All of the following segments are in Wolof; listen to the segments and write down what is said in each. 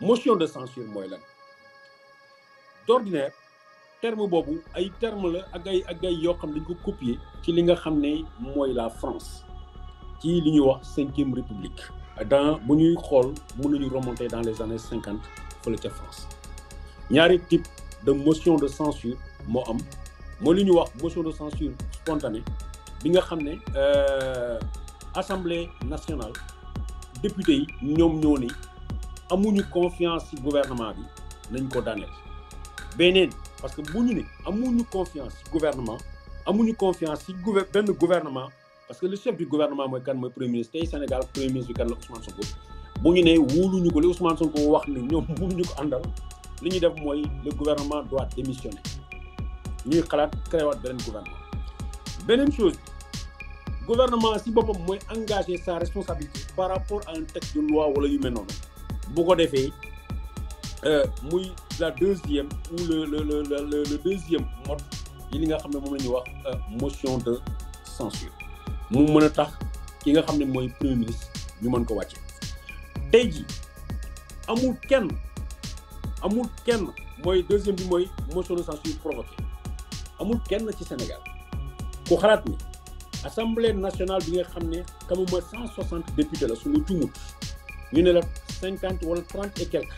motion de censure mooy la d'ordinaire terme boobu ay terme la ak ay ak ay yoo xam dañ ko copier ci li nga xam ne mooy la France ci li ñuy wax cinquième république dans bu ñuy xool mën ñu remonter dans les années cinquante fële ca France ñaari type de motion de censure moo am mooy li ñuy wax motion de censure spontanée bi nga xam ne euh, assemblée nationale député yi ñoom ñoo ni amuñu confiance ci gouvernement bi nañ ko daaneel beneen parce que bu ñu ni amuñu confiance ci gouvernement amuñu confiance ci gouver benn gouvernement parce que le chef gouvernement mooy kan mooy tey Sénégal premier ministre bi kan la Ousmane Sonko bu ñu ne wóoluñu ko li Ousmane Sonko wax ni ñoom ko àndal li ñuy def mooy le gouvernement doit démissionner ñuy xalaat créé waat beneen beneen chose gouvernement ci boppam mooy engagé sa responsabilité par rapport à un texte de loi wala yu mel noonu boo ko defee euh, muy la deuxième ou le le le mode yi li nga xam ne moom la ñuy wax euh, motion de censure mu mën a tax ki nga xam ne mooy premier ministre ñu mën ko wàcce tey ji amul kenn amul kenn mooy deuxième bi mooy motion de censure provoquée amul kenn ci Sénégal ku xalaat ni assemblée nationale bi nga xam ne quand même cent soixante députés la suñu tumut ñu ne la cinquante wala trente et quelques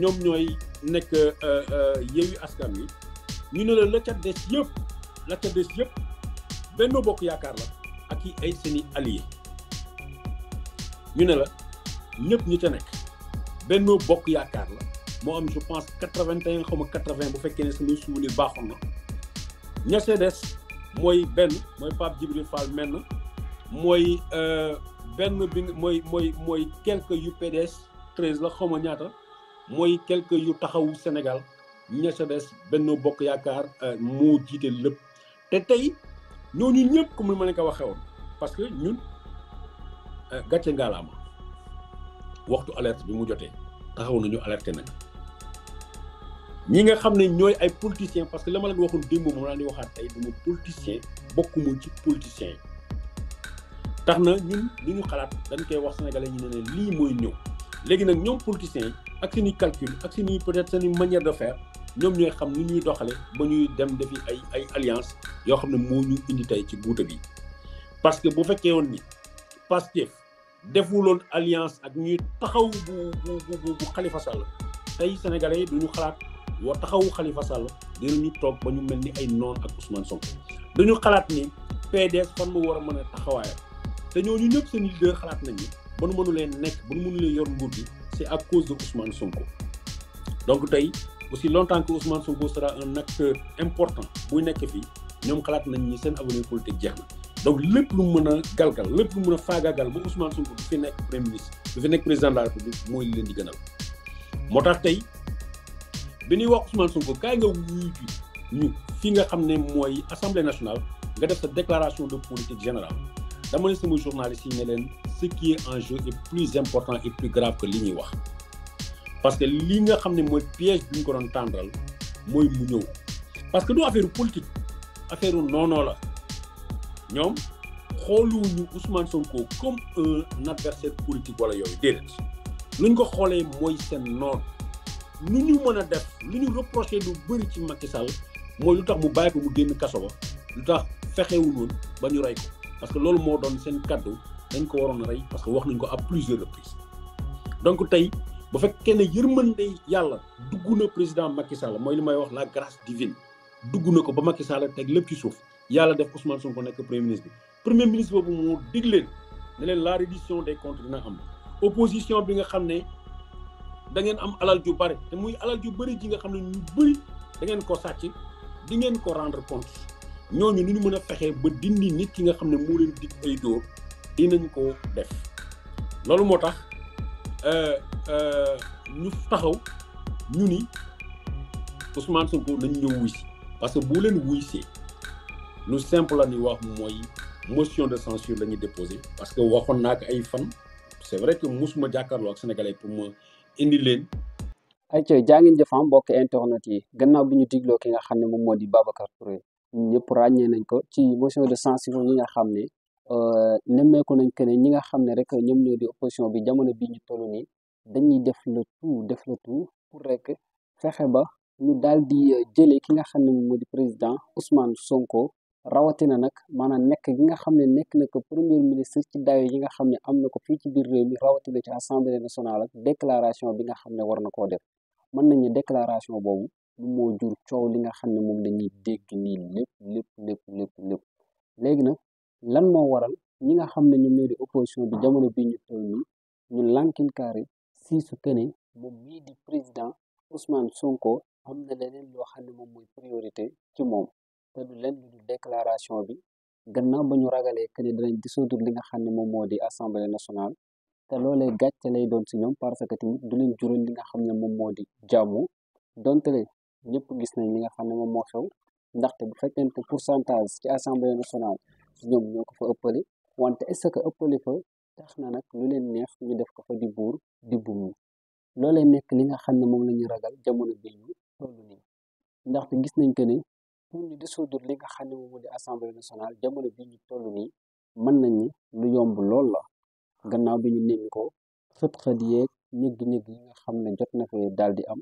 ñoom ñooy nekk euh, euh, yeewu askan wi ñu ne la la ca des yëpp la ca des yëpp Benno Bokk Yaakaar la ak yi ay seeni alliés ñu ne la ñëpp ñu ca nekk Benno Bokk Yaakaar la moo am je pense quatre-vingt-un xaw quatre-vingt bu fekkee ne samay souvenir baaxoon na ña ca des mooy benn mooy Pape Djibril Fall menn mooy euh, benn bi mooy mooy mooy quelques UPDS treize la xaw ma ñaata mooy quelques yu taxawu Sénégal ña ca des Benno Bokk Yaakaar euh, moo jiite lépp te tey ñooñu ñëpp comme ni ma ne ko waxee woon parce que ñun euh, gàcce ngaalaama waxtu alerte bi mu jotee taxaw nañu alerté nañ ñi nga xam ne ñooy ay politiciens parce que la ma leen waxoon démb moom laa di waxaat tey du ma politicien bokkuma ci politiciens tax na ñun lu ñu xalaat dañ koy wax sénégalais ñu ne ne lii mooy ñëw. léegi nag ñoom politiciens yi ak seeni calcul ak seeni peut-être seeni manière de faire ñoom ñooy xam ni ñuy doxale ba ñuy dem defi ay ay alliance yoo xam ne moo ñu indi tey ci guuta bi parce que bu fekkee woon ni Pastef defuloon alliance ak ñuy taxaw bu bu bu bu Khalifa Sall tey sénégalais yi duñu xalaat wa taxawu Khalifa Sall dinañu toog ba ñu mel ni ay noon ak Ousmane Sonko dañu xalaat ni PDS fan mu war a mën a taxawaayam te ñooñu ñëpp seen leader xalaat nañ ni ba nu mënulee nekk ba nu mënulee yor nguur gi c' est à cause de Ousmane Sonko donc tey aussi longtemps que Ousmane Sonko sera un acteur important buy nekk fii ñoom xalaat nañ ni seen avenir politique jeex na donc lépp lu mën a galgal lépp lu mën a faagaagal ba Ousmane Sonko du fi nekk premier ministre du fi nekk président de république mooy leen di gënal moo tax tey bi ñuy wax Ousmane Sonko kaay nga wuyu ñu fi nga xam ne mooy assemblée nationale nga def sa déclaration de politique générale dama ne sama journaliste yi ne leen ce qui est en jeu plus important et plus grave que li ñuy wax parce que li nga xam ne mooy piège bi ñu ko doon tàndal mooy mu ñëw parce que du affaire politique affaire noonoo la ñoom xooluwuñu Ousmane Sonko comme un adversaire politique wala yooyu déedéet luñ ko xoolee mooy seen noon lu ñu mën def lu ñu reproché lu bëri ci Macky Sall mooy lu tax mu bàyyi ko mu génn kaso ba lu tax fexewul woon ba ñu rey ko parce que loolu moo doon seen kàddu dañ ko waroon a rey parce que wax nañ ko à plusieurs reprises donc tey bu fekkee ne yërmande yàlla dugg na président Macky Sall mooy li may wax la grâce divine dugg na ko ba Macky Sall teg lépp ci suuf yàlla def Ousmane Sonko nekk premier ministre bi premier ministre boobu moo dig leen ne leen la reddition des comptes dina am opposition bi nga xam ne da ngeen am alal ju bari te muy alal ju bëri ji nga xam ne ñu bëri da ngeen ko sàcc di ngeen ko rendre compte ñooñu nu ñu mën a fexe ba dindi nit ki nga xam ne moo leen dig ay dóor dinañ ko def loolu moo tax euh, euh, ñu taxaw ñu ni Ousmane Sonko nañ ñëw wuy si parce que bu leen wuy see lu simple la ni wax mooy motion de censure la ñuy déposé parce que waxoon naa ay fan c'est vrai que musuma jàkkaarloo ak sénégalais pour ma indi leen ay jaa ngeen jëfam ah, mbokk internet yi gannaaw bi ñu digloo ki nga xam ne moom moo di Babacar Touré ñëpp ràññee nañ ko ci motion de censure yi nga xam ne euh, nemmeeku nañ que ñi nga xam ne rek ñoom ñoo di opposition bi jamono bi ñu toll nii dañuy def le tout def le tout pour rek fexe ba ñu daal di euh, jëlee ki nga xam ne moo di président Ousmane Sonko rawatina nag maanaam nekk gi nga xam ne nekk na ko premier ministre ci dayo yi nga xam ne am na ko fii ci biir réew mi rawatina ci assemblée nationale ak déclaration bi nga xam ne war na koo def mën nañu déclaration boobu moo jur coow li nga xam ne moom la ñuy dégg nii lépp lépp lépp lépp lépp léegi nag lan moo waral ñi nga xam ne ñoom ñoo di opposition bi jamono bii ñu toll nii ñu su kene moom mii di président Ousmane Sonko am na loo xam ne moom mooy priorité ci moom te du déclaration bi gannaaw ba ñu ragalee que ne danañ dissoudre li nga xam ne moom moo di assemblée nationale te loolee gàcce lay doon si ñoom parce que tamit du leen li nga xam ne moom moo di jàmm ñëpp gis nañ li nga xam ne moom moo xew ndaxte bu fekkente pourcentage ci assemblée nationale ñoom ñoo ko fa ëppale wante est-ce que ëppale fa tax na nag lu leen neex ñu def ko fa di buur di buum loolee nekk li nga xam ne moom la ñu ragal jamono bi ñu toll nii ndaxte gis nañ que ne pour ñu dissoudre li nga xam ne moom moo di assemblée nationale jamono bi ñu toll nii mën nañ ni lu yomb lool la gannaaw bi ñu nemmi ko xët-xët yeeg ñëgg-ñëgg yi nga xam ne jot na fee daal di am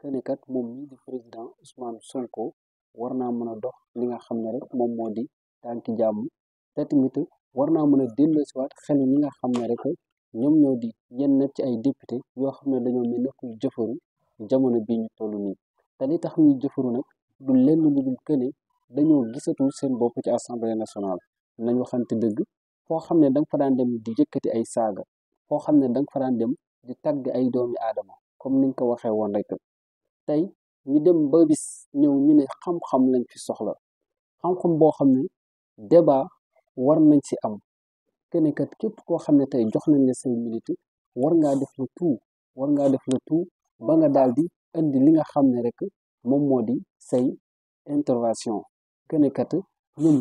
que ne kat moom mii di président Ousmane Sonko war naa mën a dox li nga xam ne rek moom moo di tànki jàmm te tamit war naa mën a delloosiwaat xel ñi nga xam ne rek ñoom ñoo di yenn ci ay député yoo xam ne dañoo mel ne kuy jamono bii ñu toll nii te li tax ñuy jëfaru nag du lenn lu dul ne dañoo gisatul seen bopp ci assemblée nationale nañ waxante dëgg foo xam ne da nga fa daan dem di yëkkati ay saaga foo xam ne da nga fa dem di tagg ay doomi aadama comme niñ ko waxee woon rek tey ñu dem ba bis ñëw ñu ne xam-xam lañ fi soxla xam-xam boo xam ne débat war nañ ci am keneen képp koo xam ne tey jox nañ la say minute war ngaa def le tout ngaa def le tout ba nga daal di indi li nga xam ne rek moom moo di say intervention keneen kat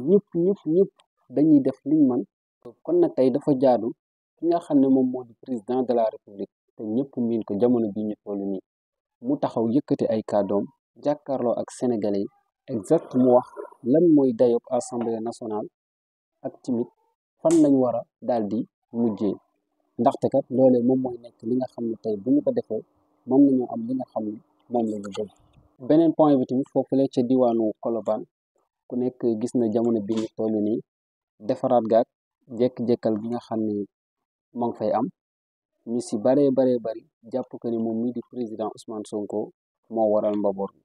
ñëpp ñëpp ñëpp dañuy def liñ man kon nag tey dafa jaadu ki nga xam ne moom moo di président de la république te ñëpp miin ko jamono bi ñu toll nii mu taxaw yëkkati ay kàddoom jàkkaarloo ak sénégalais exact mu wax lan mooy dayob assemblée nationale ak timit fan lañ war a daal di mujjee ndaxte kat loolee moom mooy nekk li nga xam ne tey bu ñu ko defee mën nañu am li nga xam ne moom la beneen point bi tamit foofule ca diwaanu Colobane ku nekk gis na jamono bi ñu defaraat gaak jekk-jekkal bi nga xam ne moo ngi fay am ñu si baree baree bari jàpp ko ne moom mi di président Ousmane Sonko moo waral mbaboor bi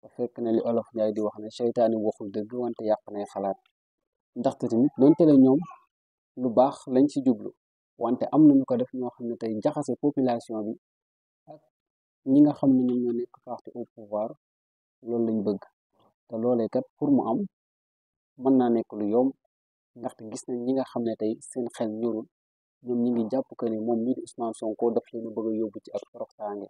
ba fekk na li olof Njaay di wax ne seytaane waxul dëgg wante yàq nay xalaat ndaxte tamit donte la ñoom lu baax lañ ci jublu wante am nañu ko def ñoo xam ne tey jaxase population bi ak nga xam ne ñoom lañ bëgg te loolee kat pour mu am mën naa nekk lu yomb ndaxte gis nañ ñi nga xam ne tey seen xel ñorul ñoom ñu ngi jàpp que ni moom mii di Ousmane Sonko daf leen a bëgg a yóbbu ci ab toroxtaange